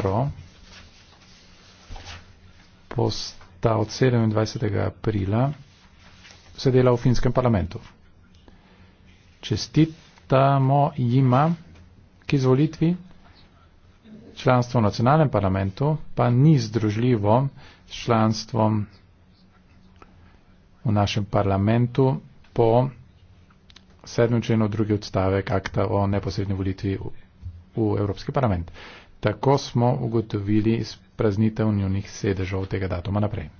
Petro posta od 27. aprila sedela v finskem parlamentu. Čestitamo jima k izvolitvi. Članstvo v nacionalnem parlamentu pa ni združljivo s članstvom v našem parlamentu po sedmem členu drugi odstavek akta o neposrednji volitvi v, v Evropski parlament. Tako smo ugotovili iz praznitev njunih sedežov tega datuma naprej.